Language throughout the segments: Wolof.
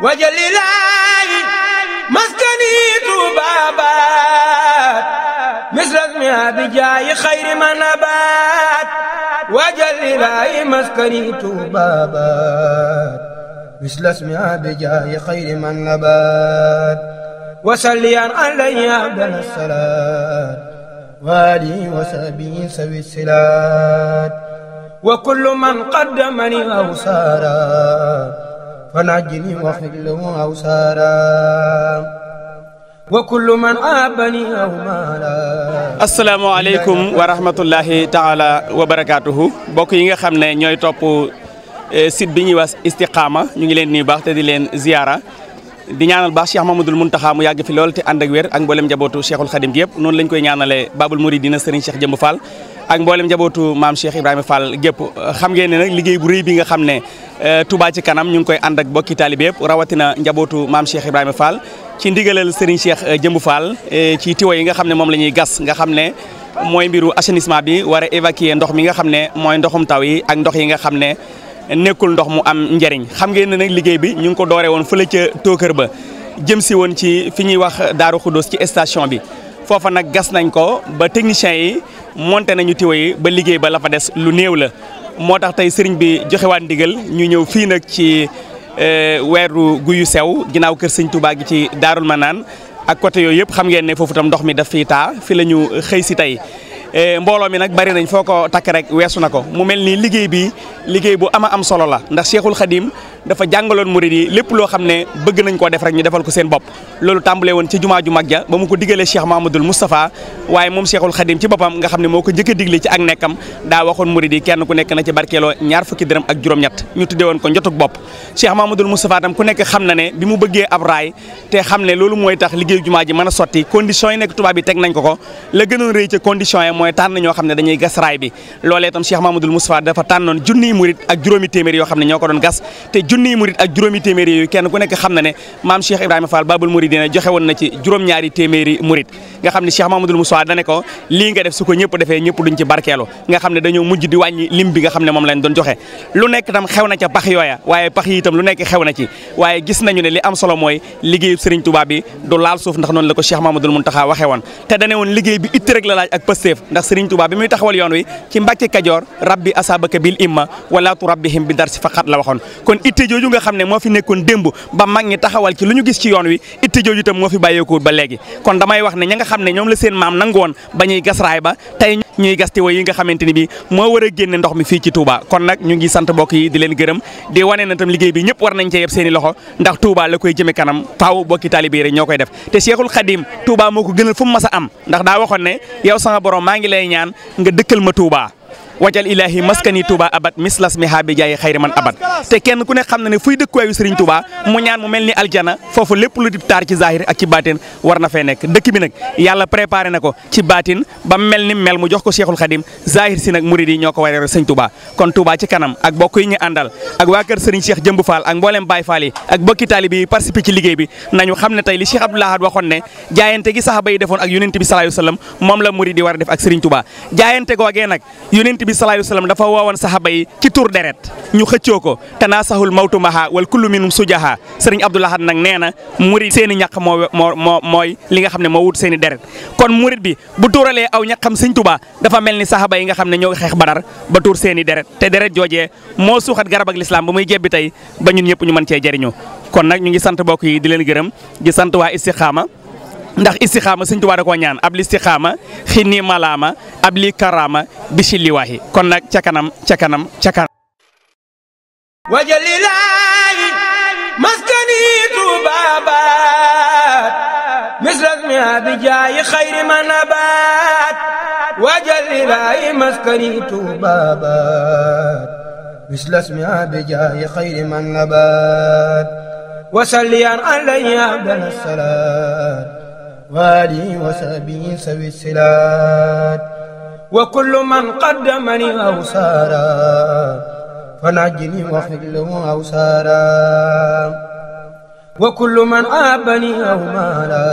wajalilaayi maskani tuubaabaat misras mi abijaayi xayri manabaat wajalilaayi maskani tuubaabaat misras mi abijaayi xayri manabaat wasalliyan alayhi abdal salaat waalihi wa sahbihi sawi silaat wa kullu man qaddamani aw saara فنجني وحله أوسارا wa kullu man abani aw mala asalaamaaleykum wa rahmatullahi taala wa barakaatuhu mbokk yi nga xam ne ñooy topp site bi ñuy wax Istikhama ñu ngi leen nuyu baax te di leen ziyaara di ñaanal baax Cheikh Mamadul Muntaxa mu yàgg fi lool te ànd ak wér ak mboolem jabootu Cheikhul Xadim gi yëpp noonu lañ koy ñaanalee Babul dina Serigne Cheikh Jëmb Fall ak mboolem njabootu maam Cheikh Ibrahima Fall gépp xam ngeen ne nag liggéey bu rëy bi nga xam ne euh, Touba ci kanam ñu ngi koy ànd ak bokki taalibe yëpp rawatina njabootu maam Cheikh Ibrahima Fall ci ndigalal Serigne Cheikh euh, Jëmbu Fall euh, ci tiwo yi nga xam ne moom la ñuy gas nga xam ne mooy mbiru assainissement bi war a évacuer ndox mi nga xam ne mooy ndoxum taw yi ak ndox yi nga xam ne nekkul ndox mu am njëriñ xam ngee ne nag liggéey bi ñu ngi ko doore woon fële ca Tookër ba jëm si woon ci fi ñuy wax Daaru Xuddoos ci station bi foofa nag gas nañ ko ba techniciens yi monte nañu tiwa yi ba liggéey ba lafa fa des lu néew la moo tax tey sëriñ bi joxewaat ndigal ñu ñëw fii nag ci euh, weeru guyu sew ginnaaw kër sëñ Touba gi ci Daarul Manaan ak côté yooyu yëpp xam ngeen ne foofu tam ndox mi daf fii taa fi la ñu euh, xëy si tey euh, mbooloo mi nag bari nañ foo ko takk rek weesu na ko mu mel ni liggéey bi liggéey bu ama am solo la ndax Cheikhul Khadim dafa jàngaloon murid yi lépp loo xam ne bëgg nañ ko def rek ñu defal ko seen bopp loolu tàmbalee woon ci jumaa ju mag ja ba mu ko digalee Cheikh Mahamadoul Moustapha waaye moom Cheikhul Khadim ci boppam ne moo ko njëkk a digle ci ak nekkam daa waxoon murid yi kenn ku nekk na nekk xam na mu bëggee ab raay te xam ne loolu mooy tax liggéey jumaa ji mën a sotti condition yi nekk tubaab yi teg nañ gas raay bi loolee tam Cheikh Mahamadoul Moustapha dafa tànnoon junniy murid ak juróomi téeméer yoo xam ne ñoo ko doon gas junniy murit ak juróomi téeméeri yooyu kenn ku nekk xam na ne maam Cheikh Ibrahima Fall Babul Mouridina joxe woon na ci juróom-ñaari téeméeri murit nga xam ne Cheikh Mamadou Moussa dane ko lii nga def su ko defee ñëpp duñ ci barkeelu nga xam ne dañoo mujj di wàññi lim bi nga xam ne moom lañ doon joxe lu nekk itam xew na ca pax yooya waaye pax yi lu nekk xew na ci waaye gis nañu ne li am solo mooy liggéeyu Serigne bi du laal suuf la ko Cheikh Mamadou Mountakha waxe woon te dane woon liggéey bi itti rek la laaj ak Pastef ndax Serigne Touba bi muy taxawal yoon wi ci Mbàkke la waxoon itte jooju nga xam ne moo fi nekkoon démb ba mag ñi taxawal ci lu ñu gis ci yoon wi itte jooju itam moo fi bàyyeekoo ba léegi kon damay wax ne ña xam ne ñoom la seen maam nangu woon ba ñuy gas raay ba tey ñuy gas tiwo yi nga xamante ni bi moo war a génne ndox mi fii ci Touba kon nag ñu ngi sant mbokk yi di leen gërëm di wane na tam liggéey bi ñëpp war nañ cee yeb seen i loxo ndax Touba la koy jëme kanam faaw bokki taalibe yi rek ñoo koy def te Cheikhul moo ko gënal fu mu mas a am ndax daa waxoon ne yow sama borom maa wajal ilaahi maskani Touba abad mislas mi haabi jaay xayri man abad te kenn ku ne xam na ne fuy dëkkuwaayu Serigne Touba mu ñaan mu mel ni aljana foofu lépp lu taar ci zahir ak ci baatin war na fee nekk dëkk bi nag yàlla préparé na ko ci baatin ba mel ni mel mu jox ko Cheikhul Khadim zahir si nag murid ñoo ko waree Serigne Touba kon Touba ci kanam ak bokk yi ñu àndal ak waa kër Serigne Cheikh Jëmb Fall ak mboolem Baye Fall yi ak bokki taalibe yi a def ak Serigne Touba jaayante googee nag yonent bi sallallahu alayhi wasallam dafa woowoon saxaaba yi ci tur deret ñu xëccoo ko te naa saxul mawtu maha wal kullu minum sujaha sëriñ Abdou Lahad nag nee na murid seen i ñàq moo moo mooy li nga xam ne moo wut seen i deret kon murid bi bu tuuralee aw ñaqam sëñ Tuubaa dafa mel ni saxaaba yi nga xam ne ñoo xeex badar ba tuur seen i deret te deret jooje moo suuxat garab ak lislaam ba muy jebbi tey ba ñun ñëpp ñu mën cee jëriñu kon nag ñu ngi sant bokk yi di leen gërëm di sant waa Istikhama ndax istixaama sëñ Tuubaa da koo ñaan ab li istixaama xi malaama ab li karaama bi si liwaahi kon nag ca kanam ca kanam ca kanam wajalilaahi maskani tubaabaat misrasmi abijaayi xayri manabaat wajalilaahi maskani tubaabaat misrasmi abijaayi xayri manabaat wasalliyan alayhi abdal salaat وآلي وصحبه سوي الصلات وكل من قدمني أو سارا فنجني واخرج له أو سارا وكل من عابني أو مالا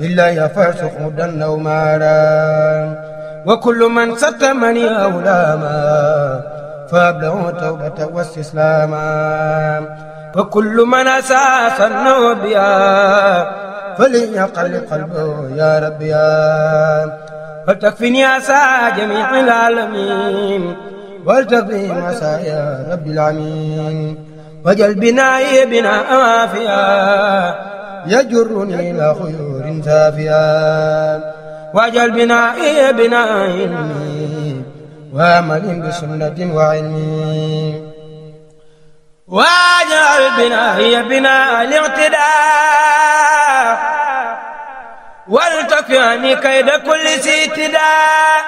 إلا يفعش حدا أو مالا وكل من ستمني أو لاما فأبلغ توبة واستسلاما وكل من أساس النوبيا فليقلب قلبه يا رب يا فلتكفني عسى جميع العالمين ولتقضي عسى يا رب العالمين وجل بنائي بنا أوافيا يجرني إلى خيور سافيا وجل بنائي بنا علمي وامل بسنة وعلمي واجعل بنائي بنا الاعتدال ولتكفني كيد كل سيتداء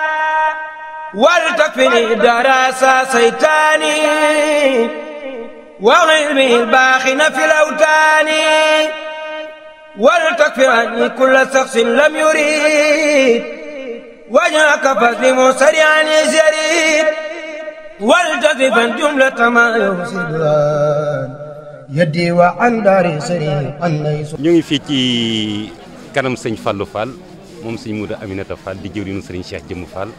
ولتكفني دراسة سيتاني وعلمي الباخن في الأوتان ولتكفني كل شخص لم يريد وجهك فاسلم سريعا يزيد ولتكفا جملة ما يفسدان يدي وعن داري سريعا ليس ñu ngi fii ci kanam sëñ Fallou Fall moom sëñ Mouda Aminata Fall di jëwriñu sëriñ Cheikh Jëmm Fall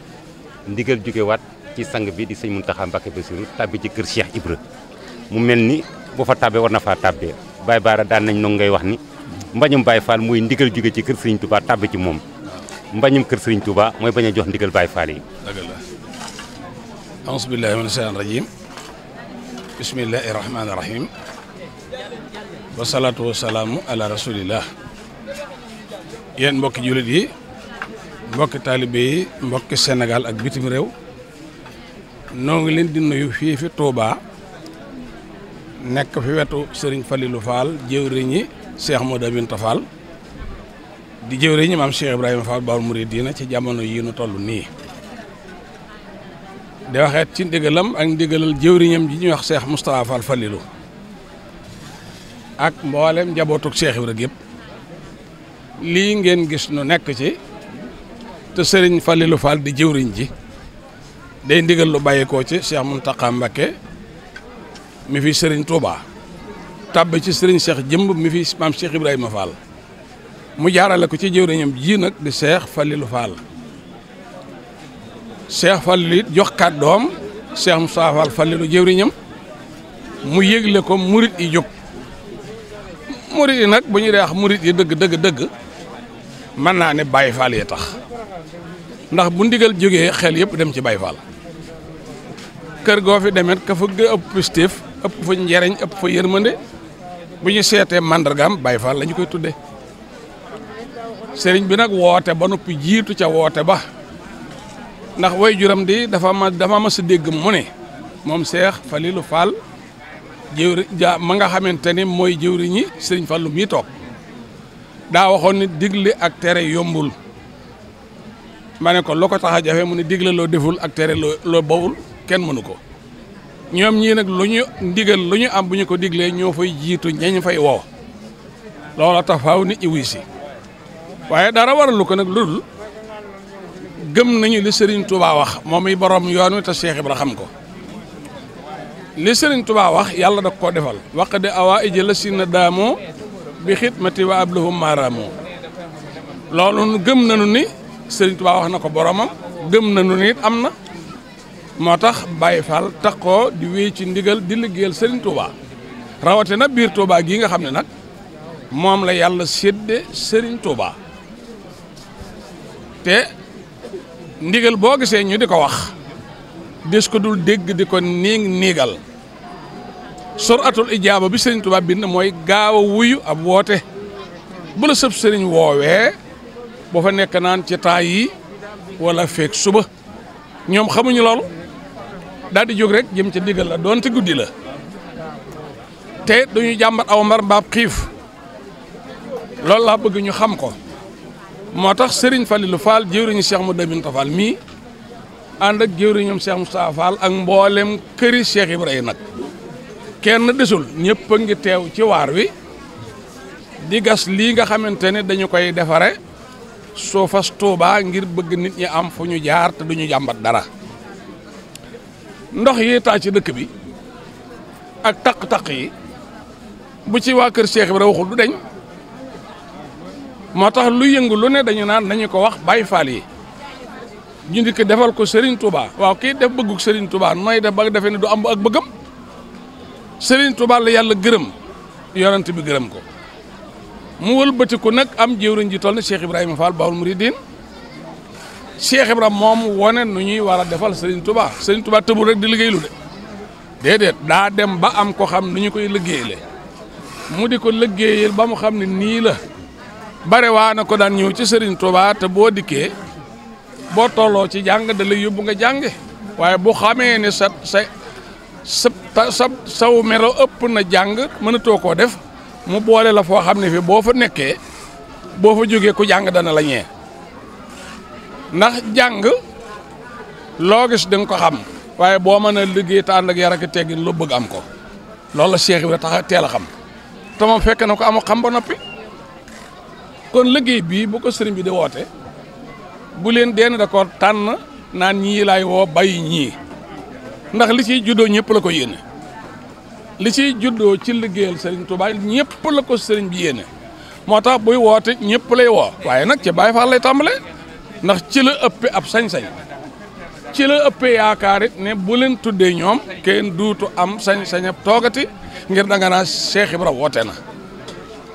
ndigal jógewaat ci sang bi di sëñ Mountakha Mbacké Bassirou tàbbi ci kër Cheikh Ibra mu mel ni boo fa tàbbee war na faa tàbbee Baye Baara daan nañ noonu ngay wax ni mbañum Baye Fall mooy ndigal jóge ci kër sëriñ Touba tàbbi ci moom mbañum kër sëriñ Touba mooy bañ a jox ndigal Baye Fall yi. dëgg la auzu billaahi mina shaytaani rajiim bismillaahi wasalaatu wasalaamu yéen mbokki jullit yi mbokki taalibe yi mbokki Sénégal ak bitim réew noo ngi leen di nuyu fii fi nekk fi wetu sëriñ Falilou Fall jëwriñi Cheikh Modou Aminta Fall di jëwriñi maam Cheikh Ibrahima Fall Baol Mouridina ci jamono yii nu toll nii di waxeet ci ndigalam ak ndigalal jëwriñam ji ñuy wax seex Moustapha Fall Falilou ak mboolem njabootug Cheikh Ibrahima yëpp. lii ngeen gis nu nekk ci te sëriñ Falilou Fall di jëwriñ ji day ndigal lu bàyyikoo ci Cheikh Mountakha Mbacké mi fi sëriñ Touba tàbb ci sëriñ Cheikh jëmb mi fi maam Cheikh Ibrahima Fall mu jaarale ko ci jëwriñam jii nag di Cheikh Falilou Fall Cheikh Falilou it jox kàddoom Cheikh Moussa Fall jëwriñam mu yëgle ko murit yi jóg murit yi nag bu ñu dee wax murit yi dëgg dëgg dëgg mën naa ne Baye Fall yee tax ndax bu ndigal jógee xel yëpp dem ci Baye kër goo fi demet ka fa gë ëpp positif ëpp fa njariñ ëpp fa yërmande bu ñu seetee màndargam Baye lañu koy tudde sëriñ bi nag woote ba noppi jiitu ca woote ba ndax woy juram di dafa ma dafa ma sa dégg mu ne moom Seex Falilu Fall jëwri ja ma nga xamante ni mooy jëwriñi sëriñ Fallu mii toog daa waxoon ni digle ak tere yombul ma ne ko loo ko tax a jafe mu ne digle loo deful ak tere loo loo bawul kenn mënu ko ñoom ñii nag lu ñu ndigal lu ñu am bu ñu ko diglee ñoo fay jiitu ñañ fay woo loola tax faaw nit ñi si waaye dara waralu ko nag lu dul gëm nañu li Serigne Touba wax moom i borom yoon wi te Cheikh Ibra xam ko li Serigne Touba wax yàlla da koo defal. waqde awaa ijëla si na daamoo bi xidmati wa ablahum maaraamu loolu gëm nañu ni Sëriñ Tuubaa wax na ko boroomam gëm nañu ni am na moo tax Baye Fall taxoo di wéy ci ndigal di liggéeyal Sëriñ Tuubaa rawatina biir Tuubaa gii nga xam ne nag moom la yàlla sédde Sëriñ Tuubaa te ndigal boo gisee ñu di ko wax dis ko dul dégg di ko niig niigal suratul ijaaba bi sëriñ Tuubaa bind mooy gaaw a wuyu ab woote bu la sëb sëriñ woowee boo fa nekk naan ci taay yi wala feeg suba ñoom xamuñu loolu daal jóg rek jëm ca digga la doonte guddi la te duñu jàmbat aw mar mbaab xiif loolu laa bëgg ñu xam ko moo tax sëriñ Falilou Fall jëwriñu Cheikh Mouhamadou Minta Fall mii ànd ak jëwriñoom Cheikh Moustapha Fall ak mboolem këri Cheikh Ibrahima nag kenn desul ñëpp a ngi teew ci waar wi di gas lii nga xamante ne dañu koy defare suufas Tuuba ngir bëgg nit ñi am fu ñu jaar te duñu jàmbat dara ndox yi taa ci dëkk bi ak taq-taq yi bu ci waa kër Cheikh Ibra waxul du deñ moo tax lu yëngu lu ne dañu naan nañu ko wax Baay Faal yi ñu ndikk defal ko Serigne Touba waaw kii def bëgguk Serigne Touba nooy def ba defee ne du amb ak bëggam Serigne Touba la yàlla gërëm yonent bi gërëm ko mu wëlbatiku nag am jëwriñ ji toll na Cheikh Ibrahima Fall Baol Mouridine Cheikh Ibrahima moom wone nu ñuy war a defal sëriñ tubaa Serigne Touba tëbul rek di liggéeylu de déedéet daa dem ba am ko xam nu ñu koy liggéeyale mu di ko liggéeyal ba mu xam ne nii la bare waa na ko daan ñëw ci sëriñ Touba te boo dikkee boo tolloo ci jàng da yóbbu nga jànge waaye boo xamee ne sa sa sa sa sawu mero ëpp na jàng mënatoo koo def mu boole la foo xam ne fii boo fa nekkee boo fa jógee ku jàng dana la ñee ndax jàng loo gis da ko xam waaye boo mën a liggéey te ànd ak yar ak teggin lu bëgg am ko loolu la Cheikh Ibra tax teel a xam te moom fekk na ko amu xam ba noppi kon liggéey bii bu ko sëriñ bi di woote bu leen deen d'accord tànn naan ñii lay woo bay ñii ndax li ciy juddoo ñëpp la ko yéene li ciy juddoo ci liggéeyal sëriñ Touba ñëpp la ko sëriñ bi yéene moo tax buy woote ñëpp lay woo waaye nag ci Baye Fall lay tàmbale ndax ci la ëpp ab sañ-sañ ci la ëppee yaakaar ni ne bu leen tuddee ñoom kenn duutu am sañ-sañ ab toogati ngir danga naa seexib Ibra woote na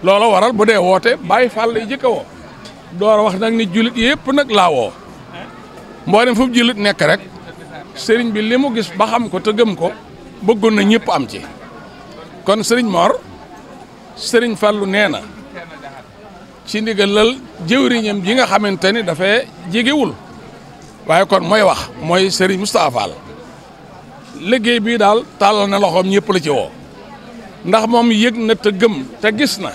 loolu waral bu dee woote Baye Fall lay jëkka woo door wax nag ni jullit yëpp nag laa woo mboolem fu mu jullit nekk rek sëriñ bi li mu gis ba xam ko te ko bëggoon na ñëpp am ci kon sëriñ Mor sëriñ Fallou nee na ci ndigalal jëwriñam ji nga xamante ni dafa jégewul waaye kon mooy wax mooy sëriñ Moustapha Fall liggéey bii daal tàllal na loxoom ñëpp la ci woo ndax moom yég na te gëm gis na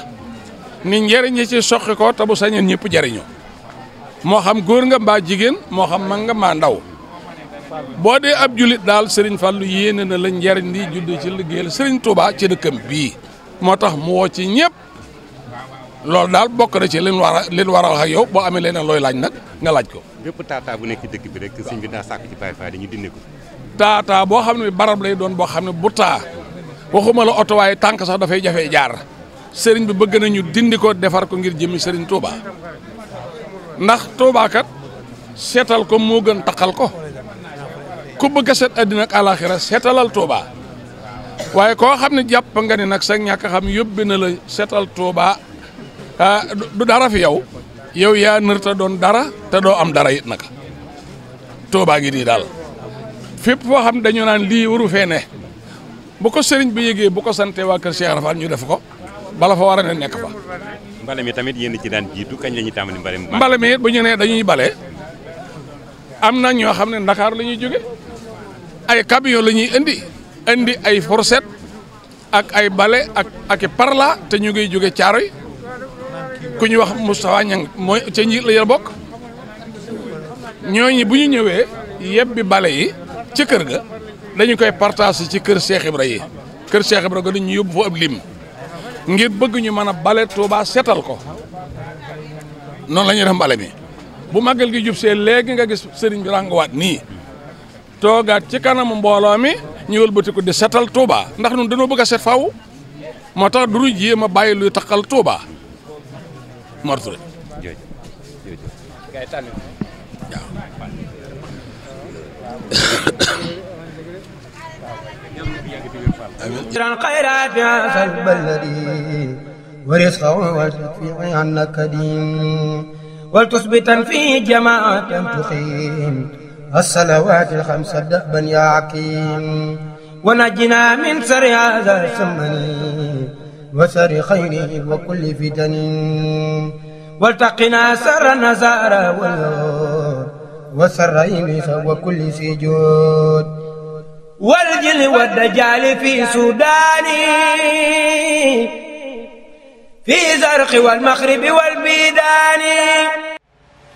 ni njëriñ yi ci soqi ko te bu sañeen ñëpp jariñu moo xam góor nga mbaa jigéen moo xam man nga mbaa ndaw boo dee ab julit daal Serigne Fallou yéene na la njariñ di judd ci liggéeyal Serigne Touba ci dëkkam bii moo tax mu woo ci ñëpp loolu daal bokk na ci leen war a li war a wax ak boo amee leneen looy laaj nag nga laaj ko. bépp taataa bu nekk ci dëkk bi rek sëñ bi daa sàkk ci Baye Fall dañuy dindi ko. taataa boo xam ne barab lay doon boo xam ne bu taa waxuma la oto waaye tànk sax dafay jafee jaar sëriñ bi bëgg nañu dindi ko defar ko ngir jëmmi sëriñ Touba ndax Touba seetal ko moo gën taqal ko. ku bëgg a set àddina ak àlaaxira seetalal Touba waaye koo xam ne jàpp nga ni nag sa ñàkk xam yóbbi na la seetal Touba ah, du dara fi yow yow yaa nër te doon dara te doo am dara it nag Touba ngi nii daal fépp foo xam dañu naan lii waru fee ne bu ko sëriñ bi yëgee bu ko sante waa kër Cheikh Rafal ñu def ko bala fa war a ne nekk fa. mbale mi tamit yéen ci daan jiitu kañ la ñuy tàmbali mbale mi. mbale mi it bu ñu nee dañuy bale am na ñoo xam ne Ndakaar lañuy ñuy jóge ay camion la ñuy indi indi ay fourchette ak ay bale ak ak i parla te ñu ngi jóge Caaroy ku ñu wax Moustapha Niang mooy ca njiit la bokk ñoo ñi bu ñu ñëwee yebbi bale yi ci kër ga dañu koy partage ci kër Cheikh Ibra yi kër Cheikh Ibra ga dañu yóbbu fa ab lim ngir bëgg mën a bale Touba seetal ko noonu la ñuy def mi bu màggal gi jub see léegi nga gis sëriñ bi rànguwaat nii toogaat ci kanamu mbooloo mi ñu wëlbatiku di setal Touba ndax ñun dañoo bëgg a set faw moo tax du ñu jéem a bàyyi luy taxal Touba Mor Touré. أجرا خيرات يا صاحب الذي ورزقه والتدفيع عنك دين ولتثبتا في جماعة الصلوات الخمس دأبا يا عكيم ونجنا من سر هذا السمن وسر خيره وكل فتن والتقنا سر نزار وسر إبليس وكل سجود والجل والدجال في سوداني في زرق والمغرب والبيداني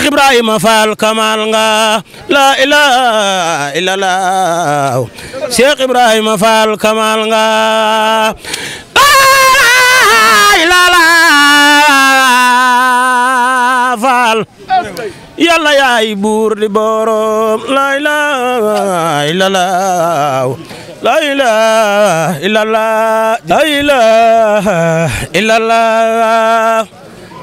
Cheikh Ibrahima Fall Kamal nga la ilaha illallah Cheikh Ibrahima Fall Kamal nga faal yàlla yaay buur di borom la ilaha illallah la ilaha illallah la ilaha illallah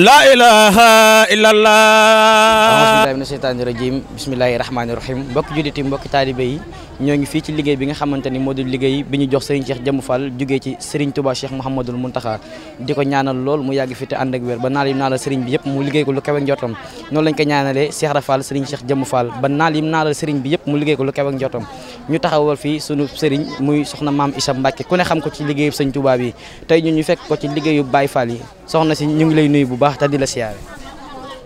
laa ilaha illallah amasbillahi mina sheytaani rajim bismillahi rahmaani rahim mbokki jullit mbokki taalibe ñoo ngi fii ci liggéey bi nga xamante ni moo di liggéey bi ñu jox Serigne Cheikh Jëmmu Fall jógee ci Serigne Touba Cheikh Mouhamadul Muntaxa di ko ñaanal lool mu yàgg fi te ànd ak wér ba naal yim naalal Serigne bi yëpp mu liggéey ko lu kawe njortam noonu lañ ko ñaanalee Cheikh Rafal Serigne Cheikh Jëmmu Fall ba naal yim naalal Serigne bi yëpp mu liggéey ko lu kawe njortam ñu taxawal fii sunu sëriñ muy soxna maam Issa Mbacke ku ne xam ko ci liggéey sëñ Touba bi te ñu ñu fekk ko ci liggéeyub Baye Fall yi soxna si ñu ngi lay nuyu bu baax te di la siyaare.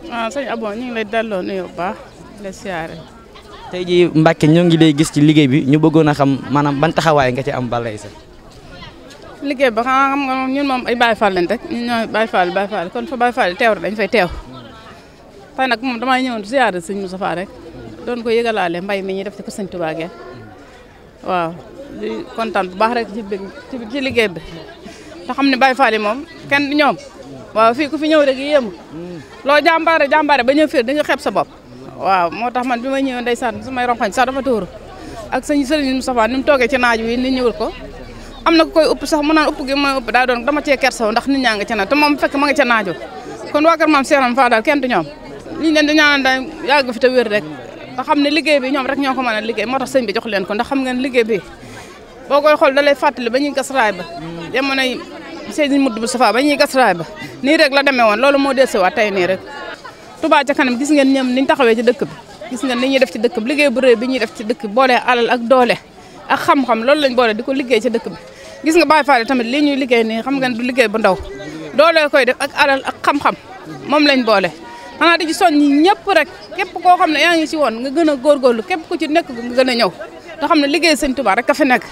waaw ah, sëñ Abo ñu ngi lay delloo nuyu bu baax di la siyaare. tey jii ñoo ngi lay gis ci liggéey bi ñu bëggoon a xam maanaam ban taxawaay nga ci am Balla sa liggéey ba xanaa xam nga ñun moom ay Baye Fall lañ rek ñun ñooy Baye Fall Baye Fall kon fa Baye Fall teew rek dañ fay teew tey nag moom damay ñëwoon ziyaare sëñ Moustapha rek doon ko yëgalaale mbay mi ñuy def ci ko sëñ Touba waaw di kontaan bu baax rek ci ji liggéey bi te xam ne Baye Fall moom kenn du ñoom waaw fii ku fi ñëw rek yéemu loo jàmbaare jàmbaare ba ñëw fii di nga sa bopp waaw moo tax man bi ma ñëwee ndeysaan su may ronxoñ sax dafa tuuru ak sëñ Serigne Moustapha ni mu toogee ci naaj wi nit ñëwul ko am na ku koy upp sax mu naan upp gi ma upp daa doon dama cee kersaw ndax ni ñaa nga ca naaj te moom fekk ma nga ca naajoo kon waa kër ma Seeram Fall daal kenn du ñoom liñ leen di ñaanal daal yàgg fi te wér rek nga xam ne liggéey bi ñoom rek ñoo ko mën a liggéey moo tax sëñ ko ndax xam ngeen liggéey bi boo ko xool da lay fàttali ba ñuy gas raay ba jamonoy Sëñ Mudu Mustafaa ba ñuy gas ba nii rek la demee woon loolu moo dellusiwaat tey nii rek Touba ca kanam gis ngeen ñoom niñ taxawee ci dëkk bi gis ngeen ni ñuy def ci dëkk liggéey bu rëy bi ñuy def ci dëkk bi boolee alal ak doole ak xam-xam loolu lañ boole di ko liggéey ci dëkk bi gis nga Baay Faal tamit lii ñuy liggéey nii xam ngeen du liggéey bu ndaw doole koy def ak alal ak xam moom lañ boole xanaa di ci soññ ñëpp rek képp koo xam ne yaa ngi ci woon nga gën a góorgóorlu képp ku ci nekk na gën a ñëw te xam ne liggéey sëñ rek a fi nekk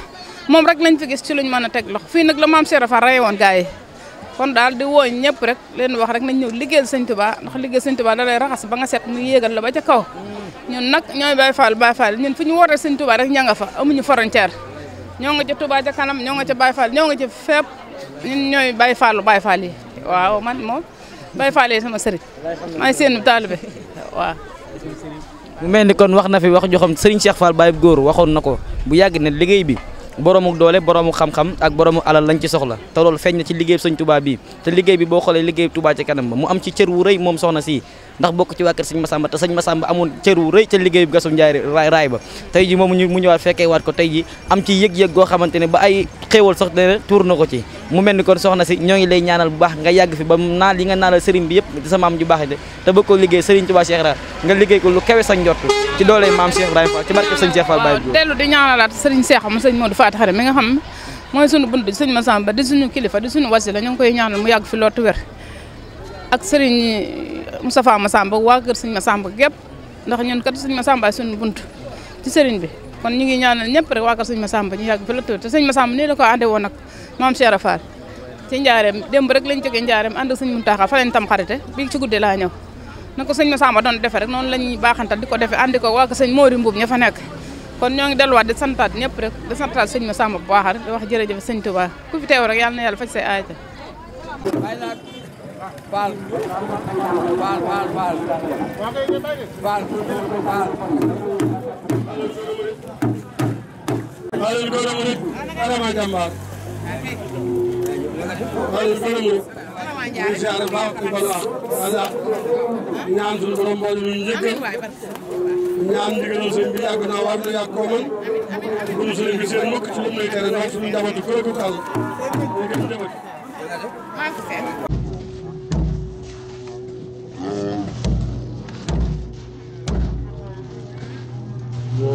moom rek lañ fi gis ci luñ mën a teg loxo fii nag la maam Cheikh Rafa rey woon gars yi kon daal di wooñ ñëpp rek leen wax rek nañ ñëw liggéeyal sëñ Tuubaa ndax liggéey sëñ Tuubaa da ba nga set mu la ba ca kaw ñun nag ñooy Baay Faal Baay Faal ñun fu ñu wootee sëñ Tuubaa rek ña fa amuñu frontière ñoo nga ca Tuubaa ca kanam ñoo nga ca Baay Faal ñoo nga ca fépp ñun ñooy Baay Baay Faal waaw man moom Baye Fall sama sëriñ maa ngi seen taalibe waaw. mu mel ni kon wax na fi wax joo xam Serigne Cheikh Fall Baye góor waxoon na ko bu yàgg ne liggéey bi boroomu doole boroomu xam-xam ak boroomu alal lañ ci soxla te loolu feeñ na ci liggéey Serigne Touba bi te liggéey bi boo xoolee liggéey Touba ci kanam ba mu am ci cër wu rëy moom soxna si ndax bokk ci waa kër sëñ Massamba te sëñ Massamba amoon cër wu rëy ca liggéeyu Gassou Ndiaye raay ba tey na ko ci mu mel ni kon soxna si ñoo ngi lay ñaanal bu baax nga yàgg fi ba naal yi nga naanal sëriñ bi yëpp sa maam ju baax de te ko lu kawe sa njott ci doole maam Cheikh Ibrahima Fall ci barke sëñ Cheikh Fall Baye dellu di ñaanalaat sëriñ Cheikh am sëñ Modou Faty Khary di suñu kilifa di suñu wasila ñu koy ñaanal mu yàgg fi lootu wér ak sëriñ Moustapha Massamba waa kër sëñ Massamba gépp ndax ñun kat sëñ Massamba ay suñu bunt ci sëriñ bi kon ñu ngi ñaanal ñëpp rek waa kër sëñ Massamba ñu yàgg fi la tuur te ko ànde woon nag maam Cheikh Rafal ci njaareem démb rek lañ jógee njaareem ànd ak sëñ Mountakha fa lañ tam xarite bi ci de laa ñëw na ko sëñ Massamba doon defe rek noonu lañuy baaxantal di ko defe àndi ko waa kër sëñ Mori Mbuub ña fa nekk kon ñoo ngi delluwaat di santaat ñëpp rek di santaat sëñ Massamba bu baax rek di wax jërëjëf sëñ Touba ku fi teew rek yàlla na yàlla faj say Baal baal baal baal.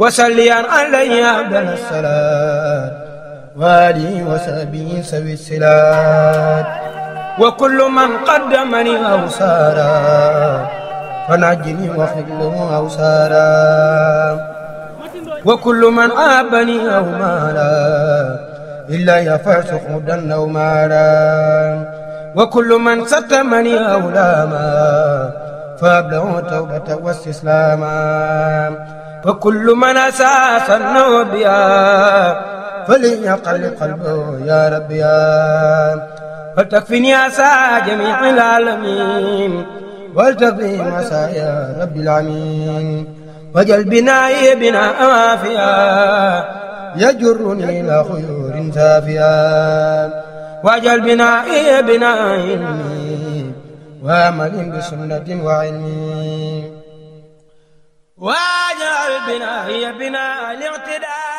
wasaliyaan alayhi abdal salaat waali wasabi sawi silaat wa kullu man qaddamani aw saara fa najjini wa xiblahu aw saara wa kullu man aabani aw maara illa yafasu xudan aw maara wa kullu man satamani aw laama fa ablahu tawbata wa istislaama فكل من أساس النوبيا فليقل قلبه يا رب يا فلتكفني أسى جميع العالمين ولتقضي مسا يا رب العالمين وجل بنائي بنا أوافيا يجرني إلى خيور سافيا وجل بنائي بنا علمي وامل بسنة وعلمي waajal binaa ya binaa al-i'tidaa